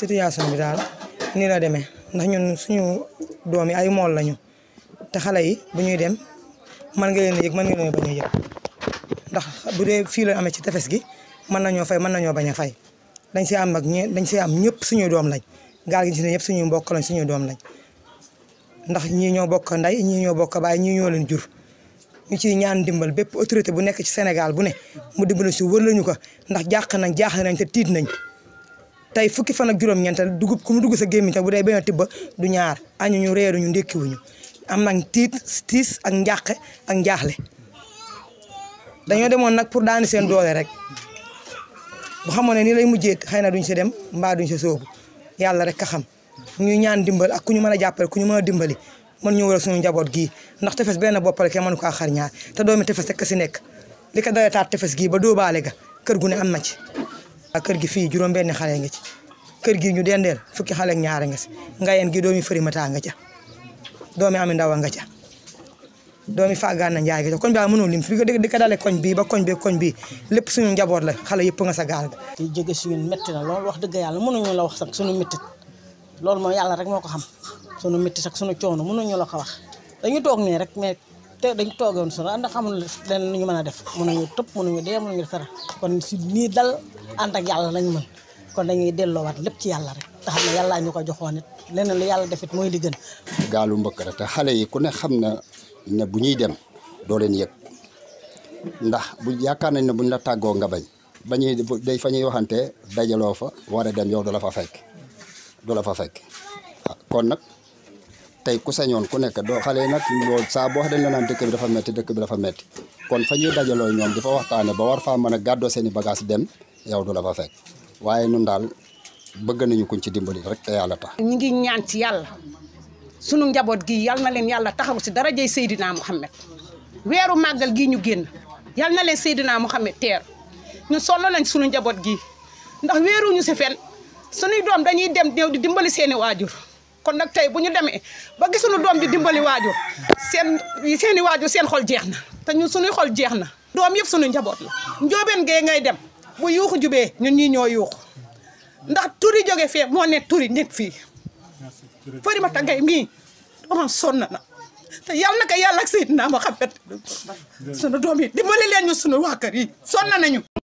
situation bi daal nii la demee ndax ñun suñu doom yi ay mool lañu te xale yi bu ñuy dem mën nga leen a yëg mën nga leen a yëg ndax bu dee fii la amee ci tefes gi mën nañoo fay mën nañoo bañ a fay dañ si am ak ñe dañ si am ñëpp suñuy doom lañ gaal gi ci ne ñëpp suñu mbokk lañ suñuy doom lañ ndax ñii ñoo bokk nday ñii ñoo bokk baay ñii ñoo leen jur ñu ciy ñaan dimbal bépp autorité bu nekk ci Sénégal bu ne mu dimbali si wër lañu ko ndax jàq nañ jaaxle nañ te tiit nañ tey fukki fan ak juróom-ñeent dugub ku mu dugg sa gémmiñ te bu dee benn du ñaar añuñu reeruñu ndékkiwuñu am nañ tiit tiis ak njàqe ak njaaxle dañoo demoon nag pour daani seen doole rek bu xamoon ne nii lay mujjee xëy na duñ si dem mbaa duñ sa soobu yàlla rek ka xam ñuy ñaan dimbal ak ku ñu mën a jàppale ku ñu mën a dimbali mën ñu waral suñu njaboot gii ndax tefes benn boppale kenn mënu ko xar ñaar te doomi tefes rek si nekk li ko dalee taat tefes gii ba dóobaale ga kër gu ne am na ci kër gi fii juróom-benni xale nga ci kër gi ñu dendeel fukki xale ak ñaar nga si ngayeen gi doomi Farimata nga ca doomi Ami Ndaw nga ca doomi Fagana Njaay nga ca koñ bi mënoo lim fi di ko dalee koñ bii ba bi koñ bii lépp la xale yëpp nga sa gaal di jóge suñu métti na loolu wax dëgg yàlla mënuñu la wax sax suñu métti loolu mooy yàlla rek moo ko xam suñu métti sax suñu coono mënuñu la ko wax dañu toog nii rek te dañ toogoon sunu ànd xamul leen lu ñu mën a def mënuñu tëpp mënuñu dee mënuñu def dara kon si nii dal ànd ak yàlla lañ mën kon dañuy delloowaat lépp ci yàlla rek tax xam ne ñu ko joxoon it leneen lu yàlla defit mooy li gën gaalu mbëkk rek te xale yi ku ne xam na ne bu ñuy dem doo leen yëg ndax bu yaakaar nañ ne buñ la tàggoo nga bañ bañuy day fa ñuy waxante dajaloo fa war a dem yow du la fa fekk du la fa fekk kon nag tay ku sañon ku nek do xalé nak loolu sa bo xam dañ la naan dëkk bi dafa metti dekk bi dafa metti kon fañu dajalo ñom difa waxtane ba war fa mëna gaddo gàddoo seen bagage dem yow dula fa fek waye ñun dal bëgg nañu kuñ ci dimbali rek te yalla tax. ñi ngi ñaan ci yalla suñu njabot gi yalla na leen yàlla taxawu si darajay sayidina muhammad wëru magal gi ñu genn yalla na leen sayidina muhammad ter ñu solo lañ suñu njabot gi ndax wëru ñu si fen suñu doom dañuy dem ñëw di dimbali seen wajur kon nag tey bu ñu demee ba gisuñu doom ji dimbali waajur seen seeni i seen xol jeex na te ñun suñuy xol jeex na doom yëpp suñu njaboot la njoobeen gee ngay dem bu yuuxu jubee ñun ñii ñoo yuuxu ndax turi jóge fee moo ne turi nekk fii Farimata Gaye mii doomam sonn na te yàlla na ko yàlla ak Seydina Muhammad sunu doom yi dimbali leen ñu sunu waa kër yi sonn nañu